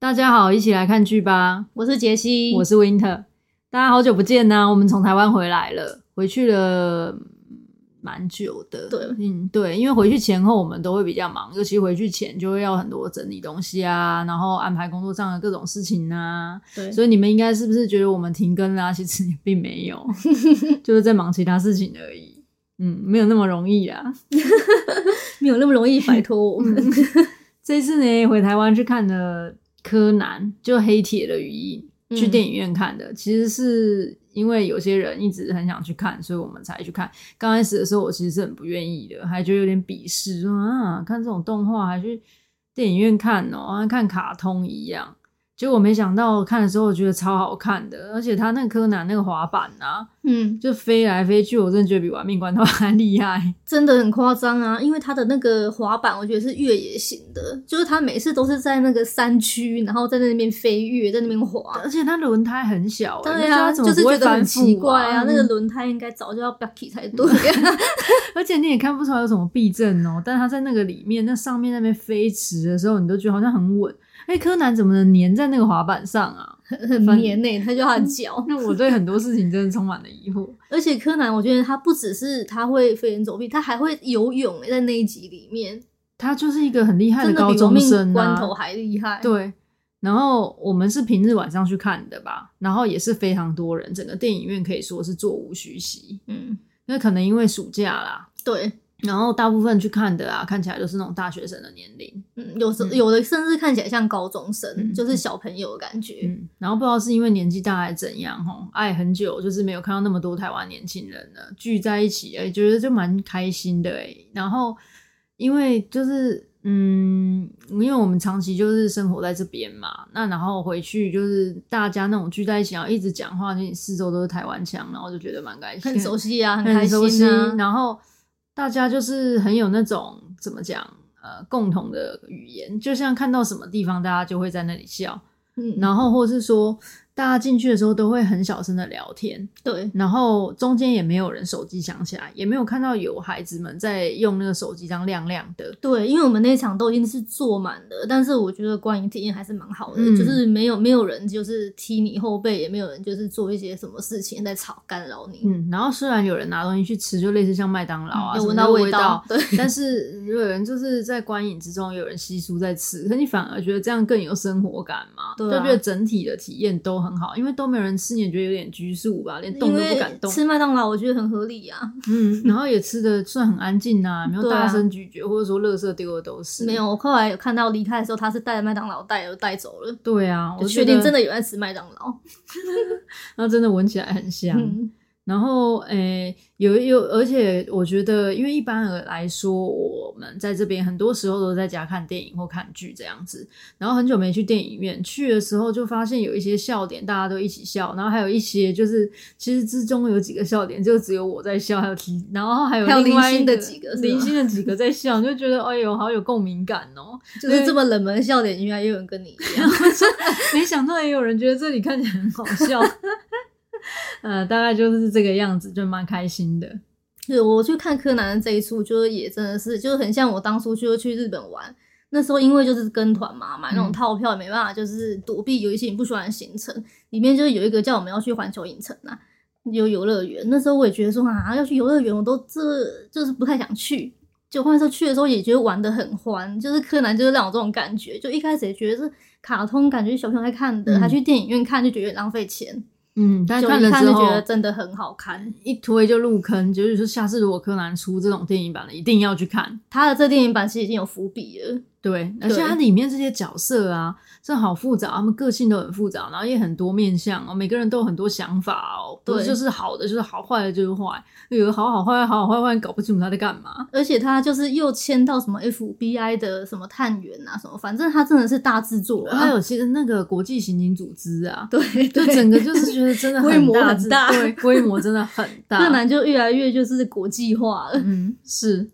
大家好，一起來看劇吧！我是傑西，我是 Winter。大家好久不見吶、啊！我們從台灣回來了，回去了蠻久的。對，嗯，對，因為回去前後我們都會比較忙，尤其回去前就會要很多整理東西啊，然後安排工作上的各種事情啊。對，所以你們應該是不是覺得我們停更啦、啊？其實也並沒有， 就是在忙其他事情而已。嗯，沒有那麼容易啊， 沒有那麼容易擺脫我們。 這次呢，回台灣去看了。柯南就黑鐵的魚影，去電影院看的，嗯、其實是因為有些人一直很想去看，所以我們才去看。剛開始的時候，我其實是很不願意的，還覺得有點鄙視，說啊，看這種動畫還去電影院看哦，好像看卡通一樣。結果沒想到我看的時候，我覺得超好看的，而且他那個柯南那個滑板吶、啊，嗯，就飛來飛去，我真的覺得比玩命關頭還厲害，真的很誇張啊！因為他的那個滑板，我覺得是越野型的，就是他每次都是在那個山區，然後在那邊飛越，在那邊滑，而且他輪胎很小、欸，對呀、啊，啊、就是覺得很奇怪啊，嗯、那個輪胎應該早就要爆起才對，而且你也看不出來有什麼避震哦、喔，但他在那個裡面，那上面那邊飛馳的時候，你都覺得好像很穩。柯南怎麼能粘在那個滑板上啊？很很粘呢，他就他腳。 那我對很多事情真的充滿了疑惑。而且柯南，我覺得他不只是他會飛檐走壁，他還會游泳。在那一集裡面，他就是一個很厲害的高中生啊，關頭還厲害。對。然後我們是平日晚上去看的吧，然後也是非常多人，整個電影院可以說是座無虛席。嗯，那可能因為暑假啦。對。然後大部分去看的啊，看起來都是那種大學生的年齡，嗯，有時候有的甚至看起來像高中生，嗯、就是小朋友的感覺嗯嗯。嗯，然後不知道是因為年紀大還是怎樣，吼、哦，愛、哎、很久就是沒有看到那麼多台灣年輕人了。聚在一起，誒、欸、覺得就蠻開心的、欸。誒然後因為就是，嗯，因為我們長期就是生活在這邊嘛，那然後回去就是大家那種聚在一起然後一直講話，就四周都是台灣腔，然後就覺得蠻開心，很熟悉啊，很開心、啊很。然後。大家就是很有那種怎麼講，呃，共同的語言，就像看到什麼地方，大家就會在那裡笑，嗯，然後或是說。大家進去的時候都會很小聲的聊天，對，然後中間也沒有人手機響起來，也沒有看到有孩子們在用那個手機這樣亮亮的。對，因為我們那一場都已經是坐滿了，但是我覺得觀影體驗還是蠻好的，嗯、就是沒有沒有人就是踢你後背，也沒有人就是做一些什麼事情在吵干擾你。嗯，然後雖然有人拿東西去吃，就類似像麥當勞啊，聞、嗯、到味道，味道對， 但是有人就是在觀影之中，有人稀疏在吃，可你反而覺得這樣更有生活感嘛，對啊、就覺得整體的體驗都很很好，因為都沒人吃，你也覺得有點拘束吧，連動都不敢動。吃麥當勞，我覺得很合理呀、啊。嗯，然後也吃的算很安靜啊 沒有大聲咀嚼，或者說垃圾丟的都是。沒有，我後來有看到離開的時候，他是帶着麥當勞袋都帶走了。對啊，我,我確定真的有在吃麥當勞， 然後真的聞起來很香。嗯然後，哎、欸、有有，而且我覺得，因為一般而來說，我們在這邊很多時候都在家看電影或看劇這樣子。然後很久沒去電影院，去的時候就發現有一些笑點，大家都一起笑。然後還有一些，就是其實之中有幾個笑點，就只有我在笑，還有幾，然後還有另外還有的幾個，零星的幾個在笑，就覺得哎呦，好有共鳴感哦！就是這麼冷門的笑點，對應該也有人跟你一樣，沒想到也有人覺得這裡看起來很好笑。 呃，大概就是這個樣子，就蠻開心的。對，我去看柯南的這一出，就是也真的是，就是很像我當初就是去日本玩，那時候因為就是跟團嘛，買那種套票也沒辦法，就是躲避有一些你不喜歡的行程。嗯、裡面就是有一個叫我們要去環球影城啦，啊，有遊樂園。那時候我也覺得說啊，要去遊樂園，我都這就是不太想去。就換那時候去的時候也覺得玩得很歡，就是柯南就是讓我這種感覺。就一開始也覺得是卡通，感覺小朋友在看的，嗯、還去電影院看就覺得有點浪費錢。嗯，但是看了之後就就覺得真的很好看，一推就入坑，就是說下次如果柯南出這種電影版了，一定要去看。他的這電影版其實已經有伏筆了。對，而且它裡面這些角色啊，真的對好複雜，他們個性都很複雜，然後也很多面相哦，每個人都有很多想法哦，對，是就是好的，就是好壞的，就是壞，有的好好壞好好壞壞，搞不清楚他在幹嘛。而且他就是又牽到什麼 FBI 的什麼探員啊，什麼，反正他真的是大製作啊。還有其實那個國際刑警組織啊，對，對，就整個就是覺得真的很大 規模很大，對，規模真的很大， 那南就越來越就是國際化了，嗯，是。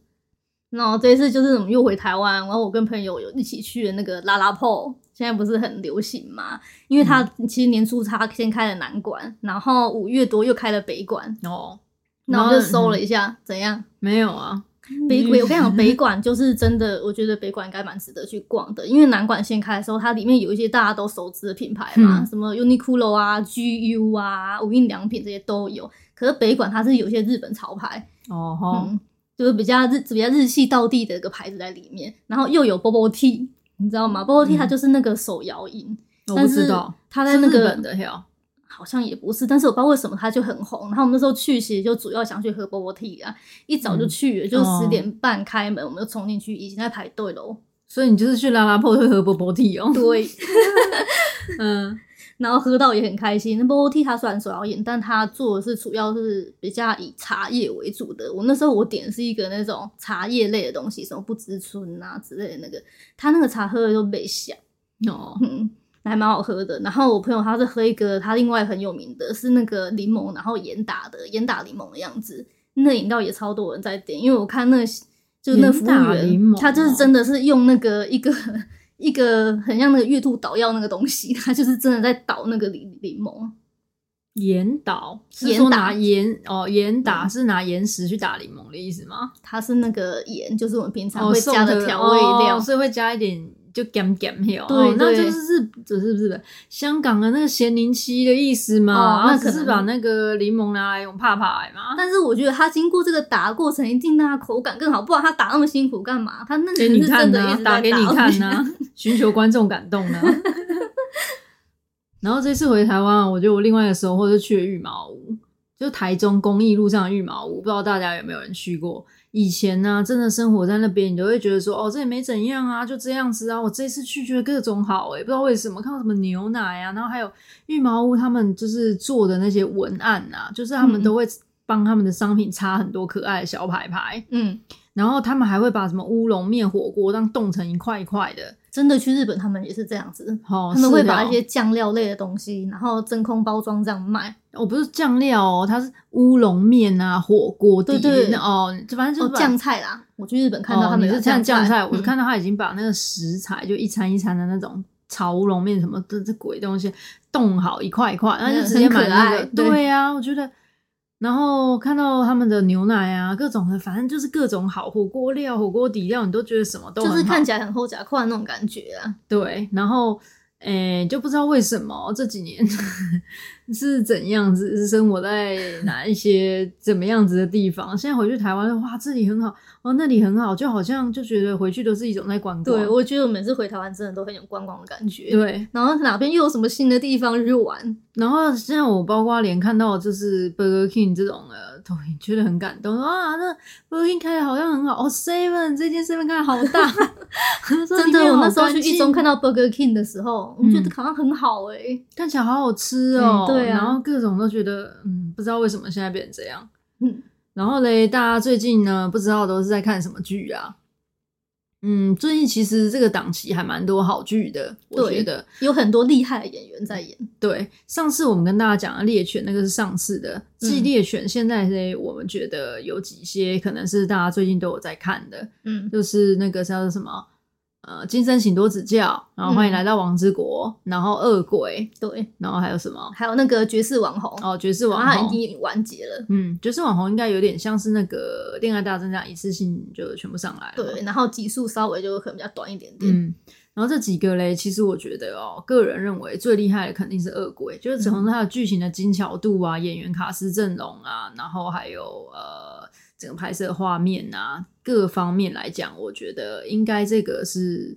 然後、no, 這一次就是怎麼又回台灣，然後我跟朋友有一起去了那個 LaLaport，現在不是很流行嗎？因為它其實年初它先開了南館，然後五月多又開了北館。哦，然後就搜了一下，嗯、怎樣？沒有啊。北館，我跟你講是，北館就是真的，我覺得北館應該蠻值得去逛的，因為南館先開的時候，它裡面有一些大家都熟知的品牌嘛，嗯、什麼 Uniqlo 啊、GU 啊、無印良品這些都有。可是北館它是有些日本潮牌。哦吼、嗯就是比較日比較日系道地的一個牌子，在裡面，然後又有波波 T。你知道嗎？波波 T 它就是那個手搖飲，但是它在是、那個、日本的好像也不是，但是我不知道為什麼它就很紅。然後我們那時候去其實就主要想去喝波波 T 啊，一早就去了，嗯、就十點半開門，嗯、我們就衝進去，已經在排隊了。所以你就是去拉拉破去喝波波 T 哦？對， 嗯。然後喝到也很開心。那波波替他雖然說要演，但他做的是主要是比較以茶葉為主的。我那時候我點的是一個那種茶葉類的東西，什麼不知春啊之類的那個，他那個茶喝的都蠻香哦、嗯，還蠻好喝的。然後我朋友他是喝一個他另外很有名的是那個檸檬，然後鹽打的鹽打檸檬的樣子，那飲料也超多人在點，因為我看那就是那服務員，哦、他就是真的是用那個一個。一個很像那個月兔搗藥那個東西，它就是真的在搗那個檸檸檬。鹽搗，是說拿鹽、鹽打哦，鹽打、嗯、是拿鹽石去打檸檬的意思嗎？它是那個鹽，就是我們平常會加的調味料，哦哦、所以會加一點。就減減掉，對，哦、對那就是日，這是不是香港的那個鹹檸七的意思嘛，那可、哦、是，是把那個檸檬拿來用怕怕嘛。但是我覺得它經過這個打過程，一定讓它口感更好，不然它打那麼辛苦幹嘛？它那肯定是真的，一直打給、啊、打給你看呢、啊， 尋求觀眾感動呢、啊。 然後這次回台灣，我覺得我另外的時候，或者去了羽毛屋，就台中公益路上的羽毛屋，不知道大家有沒有人去過？以前呢、啊，真的生活在那邊，你都會覺得說，哦，這也沒怎樣啊，就這樣子啊。我這次去覺得各種好誒、欸、不知道為什麼，看到什麼牛奶啊，然後還有裕毛屋，他們就是做的那些文案啊，就是他們都會幫他們的商品插很多可愛的小牌牌，嗯。然後他們還會把什麼烏龍麵火鍋這樣凍成一塊一塊的，真的去日本他們也是這樣子，哦，是他們會把一些醬料類的東西，然後真空包裝這樣賣。哦，不是醬料，哦，它是烏龍麵啊火鍋對，對，對。哦，反正就醬、哦、菜啦。我去日本看到他們就、哦、是醬醬菜，我就看到他已經把那個食材就一餐一餐的那種炒烏龍麵什麼的這鬼東西凍好一塊一塊，然後就直接買來、那。個。對呀、啊，我覺得。然後看到他們的牛奶啊，各種的，反正就是各種好火鍋料、火鍋底料，你都覺得什麼都好，就是看起來很厚甲塊那種感覺啊。對，然後誒，就不知道為什麼這幾年呵呵是怎樣子，是生活在哪一些 怎麼樣子的地方？現在回去台灣，哇，這裡很好，哦，那裡很好，就好像就覺得回去都是一種在觀光。對，我覺得我每次回台灣真的都很有觀光的感覺。對，然後哪邊又有什麼新的地方去玩？然後現在我包括連看到就是 Burger King 這種的東西，覺得很感動啊。那 Burger King 開的好像很好哦。Seven 這間 Seven 開的好大，真的。我那時候去一中看到 Burger King 的時候，嗯、我覺得好像很好哎、欸，看起來好好吃哦。嗯、對啊，然後各種都覺得，嗯，不知道為什麼現在變成這樣。嗯，然後嘞，大家最近呢，不知道都是在看什麼劇啊？嗯，最近其實這個檔期還蠻多好劇的，對我覺得有很多厲害的演員在演，嗯。對，上次我們跟大家講的《獵犬》，那個是上次的《即獵、嗯、犬》，現在呢，我們覺得有幾些可能是大家最近都有在看的，嗯，就是那個叫做什麼。呃，今生請多指教，然後歡迎來到王之國，嗯、然後惡鬼，對，然後還有什麼？還有那個爵士網紅哦，爵士網紅他已經完結了。嗯，爵士網紅應該有點像是那個戀愛大增加，一次性就全部上來了。對，然後集數稍微就可能比較短一點點。嗯，然後這幾個嘞，其實我覺得哦，個人認為最厲害的肯定是惡鬼，就是從它的劇情的精巧度啊，嗯、演員卡司陣容啊，然後還有呃。拍攝畫面啊，各方面來講，我覺得應該這個是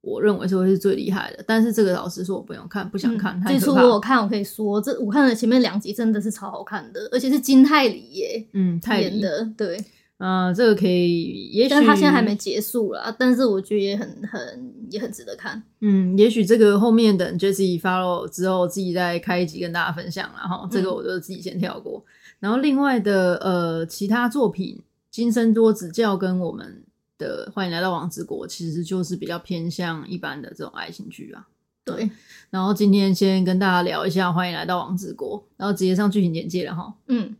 我認為說是最厲害的。但是這個老實說，我不用看，不想看。嗯、最初我看，我可以說，這我看了前面兩集真的是超好看的，而且是金泰梨耶，嗯，泰演的對。嗯、呃，這個可以，也但他現在還沒結束了，但是我覺得也很很也很值得看。嗯，也許這個後面等 Jesse follow 之後，自己再開一集跟大家分享。然後這個我就自己先跳過。嗯然後，另外的呃，其他作品《今生多指教》跟我們的《歡迎來到王之國》，其實就是比較偏向一般的這種愛情劇啊。對。對，然後今天先跟大家聊一下《歡迎來到王之國》，然後直接上劇情簡介了哈。嗯。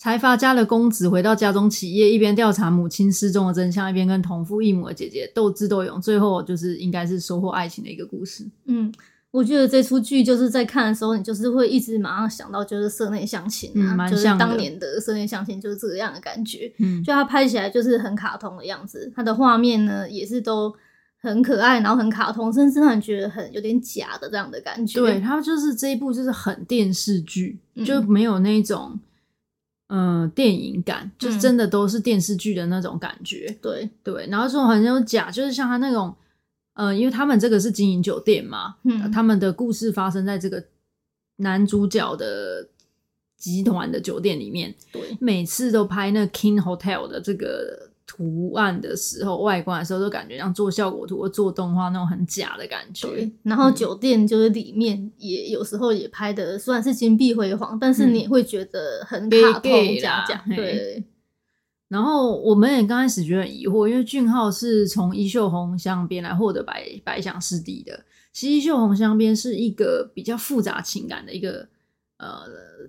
財閥家的公子回到家中企業，一邊調查母親失蹤的真相，一邊跟同父異母的姐姐鬥智鬥勇，最後就是應該是收穫愛情的一個故事。嗯。我覺得這出劇就是在看的時候，你就是會一直馬上想到，就是社內、啊《社內相親》像就是當年的《社內相親》就是這個樣的感覺。嗯、就它拍起來就是很卡通的樣子，它的畫面呢也是都很可愛，然後很卡通，甚至讓人覺得很有點假的這樣的感覺。對，它就是這一部就是很電視劇，嗯、就沒有那種嗯、呃、電影感，就真的都是電視劇的那種感覺。嗯、對對，然後這種很有假，就是像他那種。嗯、呃，因為他們這個是經營酒店嘛，嗯、他們的故事發生在這個男主角的集團的酒店裡面。對，每次都拍那 King Hotel 的這個圖案的時候、外觀的時候，都感覺像做效果圖或做動畫那種很假的感覺。然後酒店就是裡面也有時候也拍的，雖然是金碧輝煌，嗯、但是你會覺得很卡通假假。對。然後我們也剛開始覺得很疑惑，因為俊浩是從《衣袖紅鑲邊》來獲得百百想視帝的。其實《衣袖紅鑲邊》是一個比較複雜情感的一個呃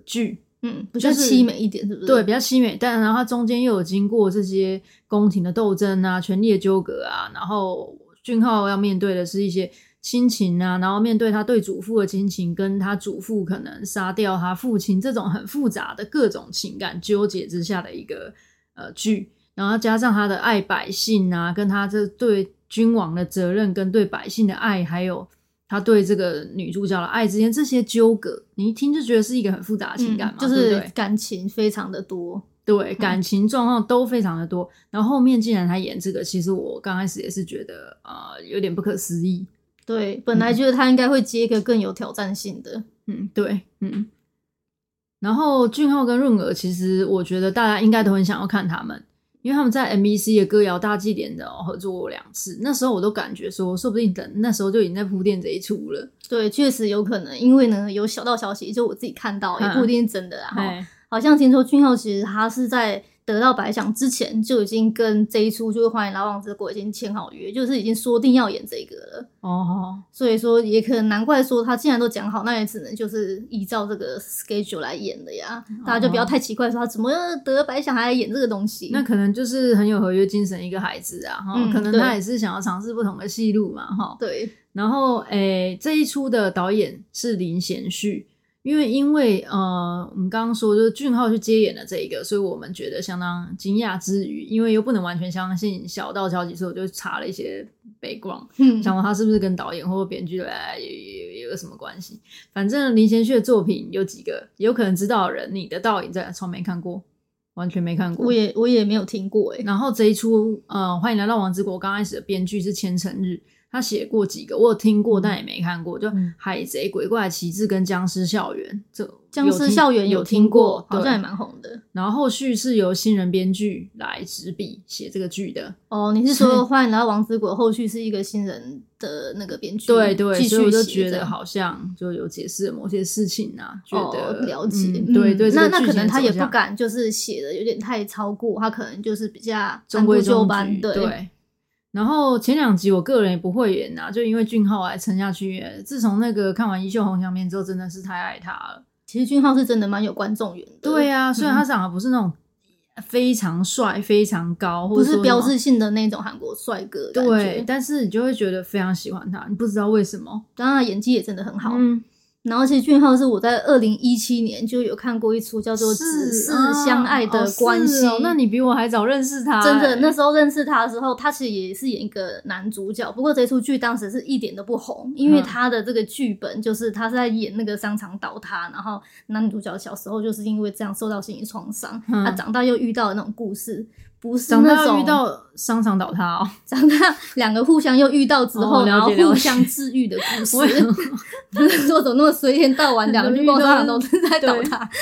劇，嗯，就是、比較淒美一點，是不是？對，比較淒美。但然後它中間又有經過這些宮廷的鬥爭啊、權力的糾葛啊，然後俊浩要面對的是一些親情啊，然後面對他對祖父的親情，跟他祖父可能殺掉他父親這種很複雜的各種情感糾結之下的一個。呃劇，然後加上他的愛百姓啊，跟他這對君王的責任跟對百姓的愛，還有他對這個女主角的愛之間這些糾葛，你一聽就覺得是一個很複雜的情感嘛，嗯、就是感情非常的多，對，嗯、感情狀況都非常的多。然後後面竟然他演這個，其實我剛開始也是覺得啊、呃，有點不可思議。對，本來覺得他應該會接一個更有挑戰性的，嗯、嗯，對，嗯。然後俊昊跟潤娥，其實我覺得大家應該都很想要看他們，因為他們在 MBC 的《歌謠大祭典》的合作過兩次，那時候我都感覺說，說不定等那時候就已經在鋪墊這一出了。對，確實有可能，因為呢有小道消息，就我自己看到也不一定是真的，嗯、然後嘿好像聽說俊昊其實他是在。得到白獎之前就已經跟這一出就是《歡迎來到王之國》已經簽好約，就是已經說定要演這個了哦、哦。所以說也可能難怪說他既然都講好，那也只能就是依照這個 schedule 來演的呀。哦哦，大家就不要太奇怪說他怎麼要得白獎還來演這個東西。那可能就是很有合約精神一個孩子啊，哈、哦，嗯、可能他也是想要嘗試不同的戲路嘛，哈、嗯。對。然後，誒，這一出的導演是林賢旭。因為，因為，呃，我們剛剛說就是俊浩去接演了這一個，所以我們覺得相當驚訝之餘，因為又不能完全相信，小道消息，所以我就查了一些 background，嗯，想問他是不是跟導演或編劇、哎、有有，有，有，有，有，有什麼關係？反正林賢旭的作品有幾個有可能知道的人，你的倒影在從沒看過，完全沒看過，我也我也沒有聽過誒、欸、然後這一出，呃，歡迎來到王之國，剛開始的編劇是千成日。他寫過幾個，我有聽過，但也沒看過。就《海賊》《鬼怪》《奇志》跟《僵屍校園》，這《僵屍校園》有聽過，好像也蠻紅的。然後後續是由新人編劇來執筆寫這個劇的。哦，你是說換然後王之國後續是一個新人的那個編劇？對對，所以我就覺得好像就有解釋某些事情啊，覺得了解。對對，那那可能他也不敢就是寫的有點太超過，他可能就是比較中規中矩，對。然後前兩集我個人也不會演吶、啊，就因為俊浩還撐下去。自從那個看完《衣袖紅鑲邊》之後，真的是太愛他了。其實俊浩是真的蠻有觀眾緣的。對啊，雖然他長得不是那種非常帥、嗯、非常高，或者不是標誌性的那種韓國帥哥。對，但是你就會覺得非常喜歡他，你不知道為什麼。當然演技也真的很好。嗯然後，其實俊昊，是我在二零一七年就有看過一出叫做《只是，是、啊、相愛》的關係、哦哦。那你比我還早認識他，真的。那時候認識他的時候，他其實也是演一個男主角。不過這一出劇當時是一點都不紅，因為他的這個劇本就是他是在演那個商場倒塌，嗯、然後男主角小時候就是因為這樣受到心理創傷，嗯、他長大又遇到了那種故事。不是，那長大遇到商場倒塌哦，長大兩個互相又遇到之後，哦、然後互相治癒的故事，不能做怎麼那麼隨便倒完兩個。商場對都正在倒塌。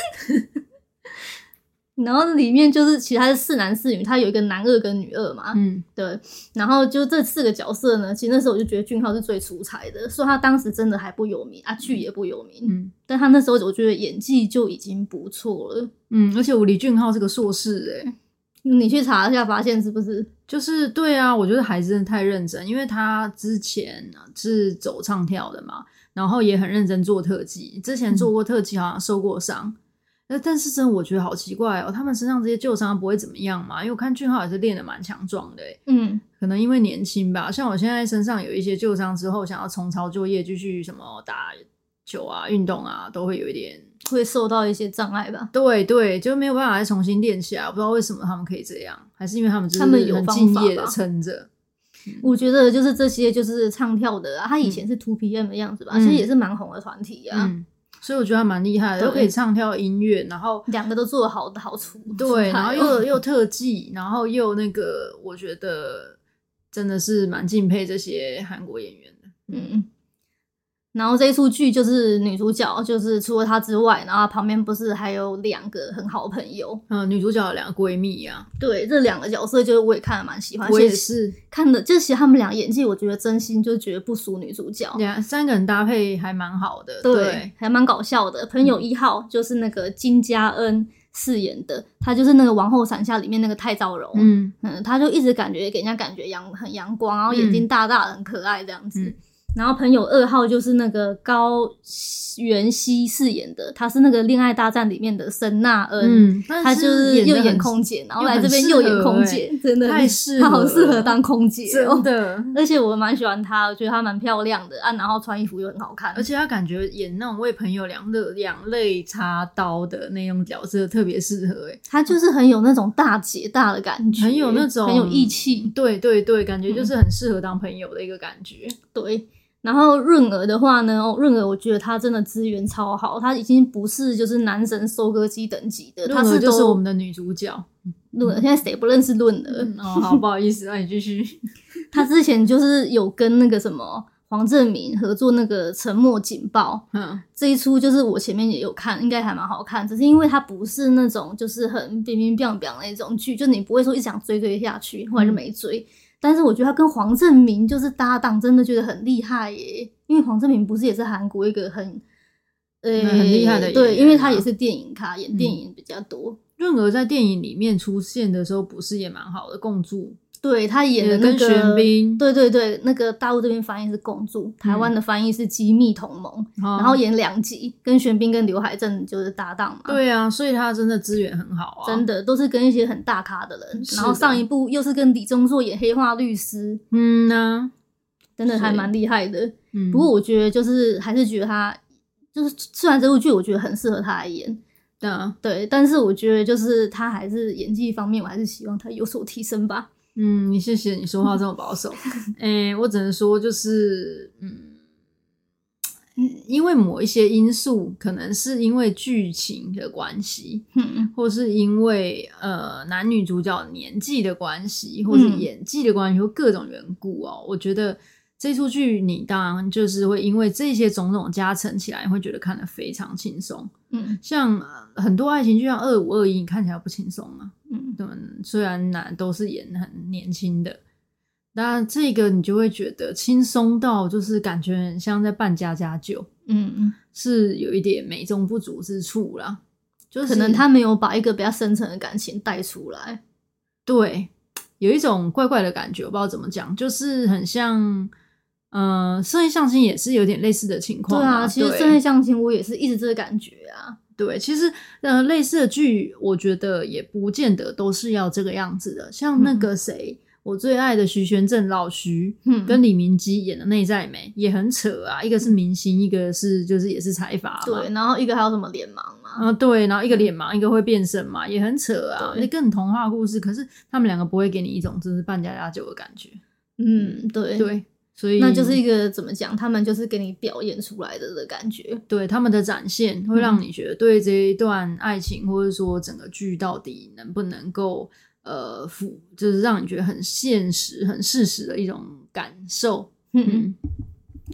然後裡面就是其他是四男四女，他有一個男二跟女二嘛，嗯，對。然後就這四個角色呢，其實那時候我就覺得俊浩是最出彩的，說他當時真的還不有名啊，劇也不有名，嗯，但他那時候我覺得演技就已經不錯了，嗯，而且我李俊浩是個碩士、欸你去查一下，發現是不是就是對啊？我覺得還真的太認真，因為他之前是走唱跳的嘛，然後也很認真做特技，之前做過特技好像受過傷，那、嗯、但是真的我覺得好奇怪哦，他們身上這些舊傷不會怎麼樣嘛？因為我看俊浩也是練的蠻強壯的，嗯，可能因為年輕吧。像我現在身上有一些舊傷之後，想要重操舊業，繼續什麼打球啊、運動啊，都會有一點。會受到一些障礙吧？對對，就沒有辦法再重新練起來、啊。不知道為什麼他們可以這樣，還是因為他們真的很敬業撐着。我覺得就是這些就是唱跳的、啊，他以前是 2PM 的樣子吧，嗯、其實也是蠻紅的團體啊。嗯、所以我覺得還蠻厲害的，都可以唱跳音樂，對然後兩個都做了好的好處。對，然後又又特技，然後又那個，我覺得真的是蠻敬佩這些韓國演員的。嗯。嗯然後這一出劇就是女主角，就是除了她之外，然後旁邊不是還有兩個很好的朋友？嗯、呃，女主角有兩個閨蜜呀、啊。對，這兩個角色就是我也看了蠻喜歡。我也是看的，就其實他們倆演技，我覺得真心就覺得不輸女主角。兩三個人搭配還蠻好的，對，對還蠻搞笑的。朋友一號就是那個金佳恩飾演的，她、嗯、就是那個《王后傘下》裡面那個太昭容。嗯嗯，她、嗯、就一直感覺給人家感覺陽很陽光，然後眼睛大大的，嗯、很可愛這樣子。嗯然後朋友二號就是那個高原熙飾演的，他是那個《戀愛大戰》裡面的申納恩，他、嗯、就是又演空姐，然後來這邊又演空姐，適欸、真的太適合了，他好適合當空姐，真的。而且我蠻喜歡他，我覺得他蠻漂亮的，啊，然後穿衣服又很好看，而且他感覺演那種為朋友兩肋兩肋插刀的那種角色特別適合、欸，哎、嗯，他就是很有那種大姐大的感覺，很有那種很有義氣，對，對對對，感覺就是很適合當朋友的一個感覺，嗯、對。然後潤兒的話呢，潤、哦、潤兒我覺得他真的資源超好，他已經不是就是男神收割機等級的，他是就是我們的女主角。潤兒現在誰不認識潤兒、嗯？哦，好，不好意思，那、 啊、你繼續。他之前就是有跟那個什麼黃正明合作那個《沉默警報》，嗯，這一出就是我前面也有看，應該還蠻好看。只是因為它不是那種就是很冰冰涼涼那種劇，就你不會說一直想追追下去，後來就沒追。嗯但是我覺得他跟黃正明就是搭檔，真的覺得很厲害耶。因為黃正明不是也是韓國一個很，欸嗯、很厲害的，對，因為他也是電影咖，演電影比較多。潤娥、嗯、在電影裡面出現的時候，不是也蠻好的共助，《共助》。對，他演的那個，跟玄彬對對對，那個大陸這邊翻譯是共助，台灣的翻譯是機密同盟。嗯、然後演兩集，跟玄彬、跟劉海鎮就是搭檔嘛。對啊，所以他真的資源很好啊，真的都是跟一些很大咖的人。的然後上一部又是跟李鍾碩演《黑化律師》嗯啊，嗯吶，真的還蠻厲害的。嗯、不過我覺得就是還是覺得他就是雖然這部劇我覺得很適合他來演，對啊、嗯，對。但是我覺得就是他還是演技方面，我還是希望他有所提升吧。嗯，你謝謝你說話這麼保守。誒、 欸，我只能說，就是嗯，因為某一些因素，可能是因為劇情的關係，嗯，或是因為呃男女主角年紀的關係，或者演技的關係，或各種緣故哦、喔，我覺得。這齣劇，你當然就是會因為這些種種加成起來，會覺得看得非常輕鬆。嗯，像很多愛情劇，就像二五二一，你看起來不輕鬆啊。嗯，對，雖然難、啊，都是演很年輕的，但這個你就會覺得輕鬆到，就是感覺很像在扮家家酒。嗯嗯，是有一點美中不足之處啦，就是可能他沒有把一個比較深層的感情帶出來。對，有一種怪怪的感覺，我不知道怎麼講，就是很像。嗯，社內相親也是有點類似的情況。對啊，其實社內相親我也是一直這個感覺啊。對、對，其實呃，類似的劇我覺得也不見得都是要這個樣子的。像那個誰，嗯、我最愛的徐玄正老徐，嗯、跟李明基演的《內在美》也很扯啊。一個是明星，嗯、一個是就是也是財閥。對，然後一個還有什麼臉盲嘛？啊，對，然後一個臉盲，嗯、一個會變身嘛，也很扯啊。那對更童話故事，可是他們兩個不會給你一種就是扮家家酒的感覺。嗯，對對。所以那就是一個怎麼講，他們就是給你表演出來的的感覺，對他們的展現會讓你覺得對這一段愛情，嗯、或者說整個劇到底能不能夠呃輔，就是讓你覺得很現實、很事實的一種感受。嗯嗯。嗯，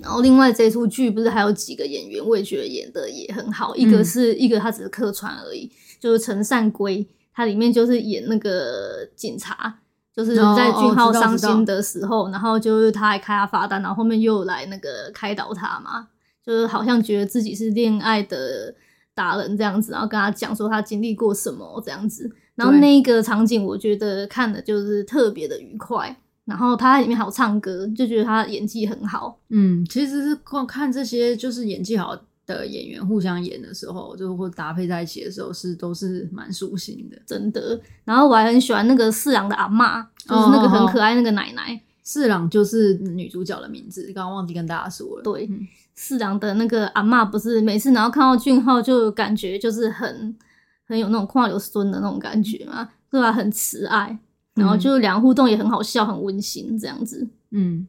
然後另外這一出劇不是還有幾個演員，我也覺得演的也很好，嗯、一個是一個他只是客串而已，就是陳善圭，他裡面就是演那個警察。就是在俊浩傷心的時候，no, oh, 然後就是他還開他罰單，然後後面又來那個開導他嘛，就是好像覺得自己是戀愛的達人這樣子，然後跟他講說他經歷過什麼這樣子，對然後那個場景我覺得看的就是特別的愉快，然後他在裡面還唱歌，就覺得他演技很好，嗯，其實是光看這些就是演技好。的演員互相演的時候，就或是搭配在一起的時候，是都是蠻舒心的，真的。然後我還很喜歡那個四郎的阿嬤，就是那個很可愛那個奶奶。Oh, oh. 四郎就是女主角的名字，剛剛忘記跟大家說了。對，嗯、四郎的那個阿嬤不是每次然後看到俊浩就感覺就是很很有那種跨流孫的那種感覺嘛，對、嗯、吧？很慈愛，然後就兩個互動也很好笑，很溫馨這樣子嗯。嗯，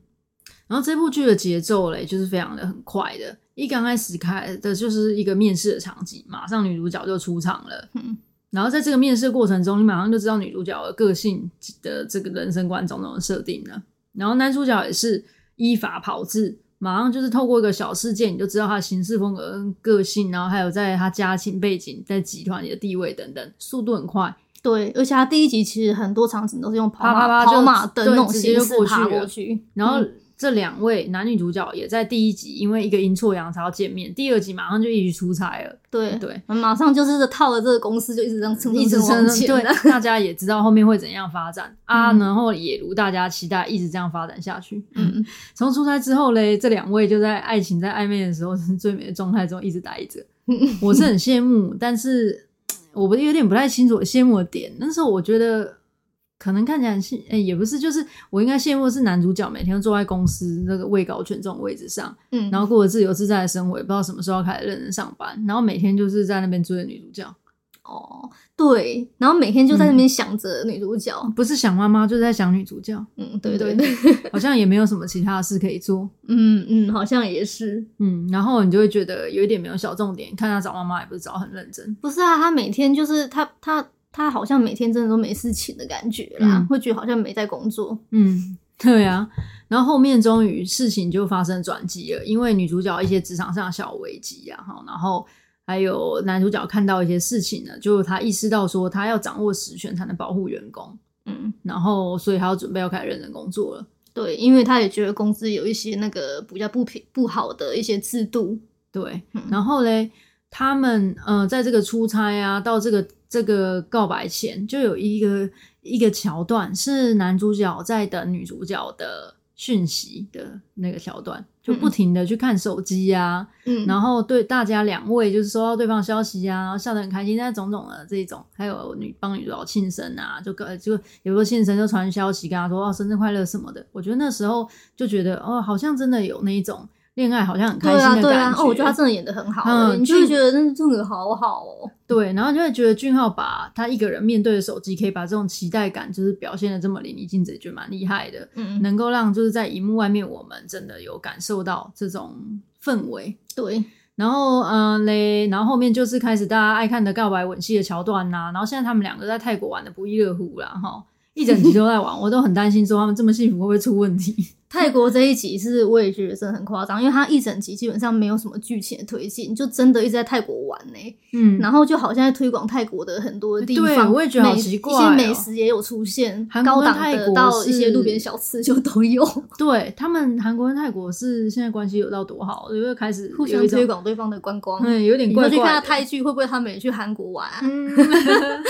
然後這部劇的節奏嘞，就是非常的很快的。一剛開始開的就是一個面試的場景，馬上女主角就出場了。嗯，然後在這個面試過程中，你馬上就知道女主角的個性的這個人生觀、種種的設定了。然後男主角也是依法炮製，馬上就是透過一個小事件，你就知道他的行事風格、跟個性，然後還有在他家庭背景、在集團裡的地位等等，速度很快。對，而且他第一集其實很多場景都是用跑啪跑罵等那種形式過去，過去，嗯，然後。這兩位男女主角也在第一集因為一個陰錯陽差要見面，第二集馬上就一直出差了。對對，對，馬上就是套了這個公司，就一直這樣一直往前。對，大家也知道後面會怎樣發展、嗯、啊，然後也如大家期待，一直這樣發展下去。嗯，嗯，從出差之後嘞，這兩位就在愛情在曖昧的時候是最美的狀態中一直待着。嗯、我是很羨慕， 但是我不有點不太清楚我羨慕的點，但是我覺得。可能看起來是，欸，也不是，就是我應該羨慕的是男主角每天坐在公司那個位高權重的位置上，嗯，然後過着自由自在的生活，也不知道什麼時候要開始認真上班，然後每天就是在那邊追女主角。哦，對，然後每天就在那邊想着女主角，嗯，不是想媽媽，就是在想女主角。嗯，對對對，好像也沒有什麼其他的事可以做。 嗯嗯，好像也是。嗯，然後你就會覺得有一點沒有小重點，看他找媽媽也不是找很認真。不是啊，他每天就是他他。他他好像每天真的都沒事情的感覺啦，嗯、會覺得好像沒在工作。嗯，對呀、啊。然後後面終於事情就發生轉機了，因為女主角一些職場上的小危機啊，哈，然後還有男主角看到一些事情呢，就他意識到說他要掌握實權才能保護員工。嗯，然後所以他要準備要開始認真工作了。對，因為他也覺得公司有一些那個比較不平不好的一些制度。對，嗯、然後嘞，他們嗯、呃，在這個出差啊，到這個。這個告白前就有一個一個橋段，是男主角在等女主角的訊息的那個橋段，就不停的去看手機啊，嗯，然後對大家兩位就是收到對方消息啊，嗯、然後笑得很開心，但種種的這種，還有女幫女主角慶生啊，就個就有個慶生就傳消息跟他說哦，生日快樂什麼的，我覺得那時候就覺得哦，好像真的有那一種，戀愛好像很開心的感覺。對啊，對啊，哦，我覺得他真的演得很好，嗯，你就會覺得那真，真的好好哦、喔。對，然後就會覺得俊昊把他一個人面對的手機，可以把這種期待感，就是表現得這麼淋漓盡致，覺得蠻厲害的。嗯，能夠讓就是在熒幕外面我們真的有感受到這種氛圍。對，然後嗯嘞，然後後面就是開始大家愛看的告白吻戲的橋段吶、啊，然後現在他們兩個在泰國玩得不亦樂乎啦。哈。 一整集都在玩，我都很擔心，說他們這麼幸福會不會出問題？ 泰國這一集是我也覺得真的很誇張，因為他一整集基本上沒有什麼劇情的推進，就真的一直在泰國玩呢、欸。嗯，然後就好像在推廣泰國的很多的地方美食、哦，一些美食也有出現，韓國泰國高檔的到一些路邊小吃就都有。 對他們，韓國跟泰國是現在關係有到多好？因為開始互相推廣對方的觀光，嗯，有點怪怪。我就去看下泰劇，會不會他們也去韓國玩？嗯。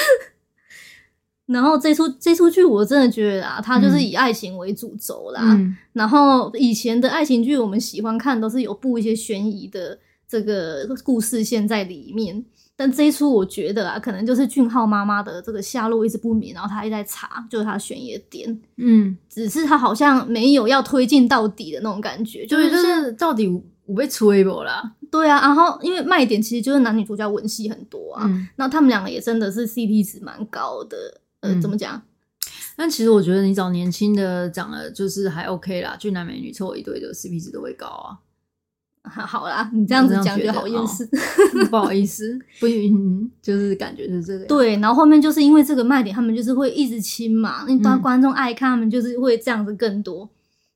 然後這出這出劇我真的覺得啊，它就是以愛情為主軸啦。嗯、然後以前的愛情劇我們喜歡看都是有布一些懸疑的這個故事線在裡面，但這一出我覺得啊，可能就是俊浩媽媽的這個下落一直不明，然後他一直在查，就是他懸疑的點。嗯，只是他好像沒有要推進到底的那種感覺，就是對就是到底我被吹不啦？對啊，然後因為賣點其實就是男女主角吻戲很多啊，嗯、那他們兩個也真的是 CP 值蠻高的。嗯、呃，怎麼講、嗯？但其實我覺得你找年輕的，長得就是還 OK 啦，俊男美女湊一對就 CP 值都會高啊，啊。好啦，你這樣子講就好意思、哦，不好意思，不、 嗯、就是感覺是這個。對，然後後面就是因為這個賣點，他們就是會一直親嘛，因為大觀眾愛看，他們就是會這樣子更多。嗯、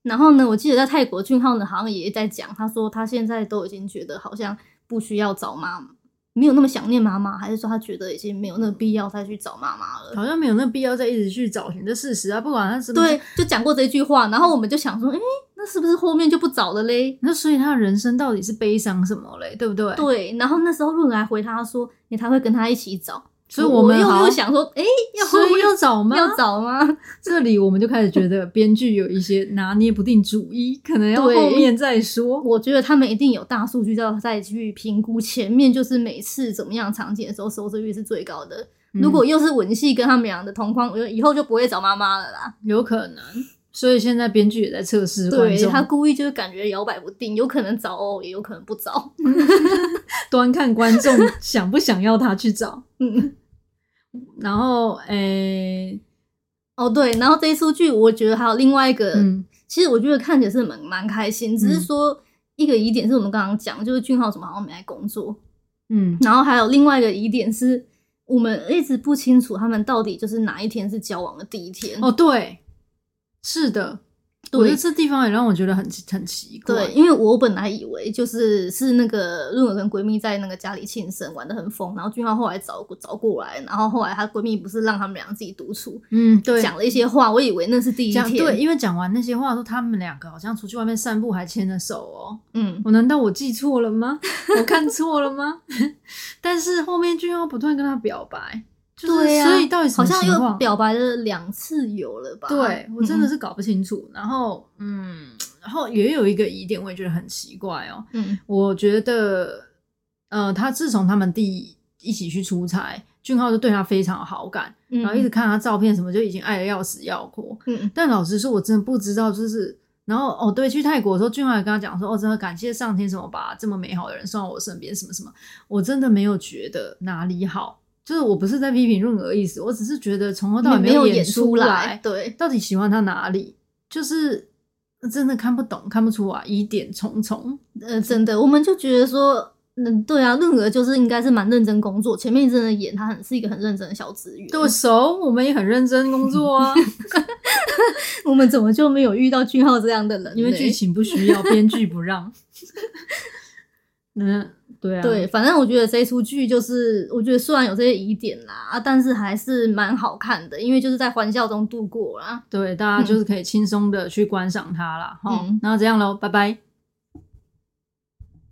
然後呢，我記得在泰國俊浩呢，好像也在講，他說他現在都已經覺得好像不需要找媽媽，沒有那麼想念媽媽，還是說他覺得已經沒有那個必要再去找媽媽了？好像沒有那個必要再一直去找，這的事實啊，不管他是不是對，就講過這句話，然後我們就想說，哎、欸，那是不是後面就不找了嘞？那所以他的人生到底是悲傷什麼嘞？對不對？對。然後那時候路人還回他說，哎，他會跟他一起找。所以我們又、哦、又想說，哎、欸，要所以要找嗎？要找嗎？ 這裡我們就開始覺得編劇有一些拿捏不定主意， 可能要後面再說。我覺得他們一定有大數據要再去評估，前面就是每次怎麼樣場景的時候，收視率是最高的。嗯、如果又是文戲跟他們倆的同框，我覺得以後就不會找媽媽了啦。有可能。所以現在編劇也在測試對觀眾眾，他故意就是感覺搖擺不定，有可能找、哦，也有可能不找， 端看觀眾想不想要他去找。 嗯。然後，誒、欸，哦，對，然後這一出劇，我覺得還有另外一個，嗯、其實我覺得看起來是蠻蠻開心，只是說一個疑點是我們剛剛講，就是俊浩怎麼好像沒來工作，嗯，然後還有另外一個疑點是我們一直不清楚他們到底就是哪一天是交往的第一天，哦，對，是的。我覺得這地方也讓我覺得很很奇怪。對，因為我本來以為就是是那個潤兒跟閨蜜在那個家裡慶生，玩得很瘋。然後俊浩後來找找過來，然後後來她閨蜜不是讓他們倆自己獨處，嗯，對，講了一些話，我以為那是第一天。對，因為講完那些話，說他們兩個好像出去外面散步，還牽着手哦。嗯，我難道我記錯了嗎？我看錯了嗎？ 但是後面俊浩不斷跟她表白。對呀，所以到底什麼情況、啊、好像又表白了兩次有了吧？對，嗯嗯我真的是搞不清楚。然後，嗯，然後也有一個疑點，我也覺得很奇怪哦。嗯，我覺得，呃，他自從他們第一起去出差，俊浩就對他非常有好感，然後一直看他照片什麼，就已經愛的要死要活。嗯，嗯，但老實說，我真的不知道，就是然後哦，對，去泰國的時候，俊浩也跟他講說，哦，真的感謝上天，什麼把這麼美好的人送到我身邊，什麼什麼，我真的沒有覺得哪裡好。就是我不是在批評潤娥的意思，我只是覺得從頭到尾沒，有沒有演出來，對，到底喜歡他哪裡？就是真的看不懂，看不出啊，疑點重重。呃，真的，我們就覺得說，嗯，對啊，潤娥就是應該是蠻認真工作，前面真的演他很是一個很認真的小職員。我熟，我們也很認真工作啊， 我們怎麼就沒有遇到俊浩這樣的人呢？因為劇情不需要，編劇不讓。 嗯對啊，對，反正我覺得這出劇就是，我覺得雖然有這些疑點啦，啊，但是還是蠻好看的，因為就是在歡笑中度過啦。對，大家就是可以輕鬆的去觀賞它啦。好、嗯哦，那這樣嘍，拜拜。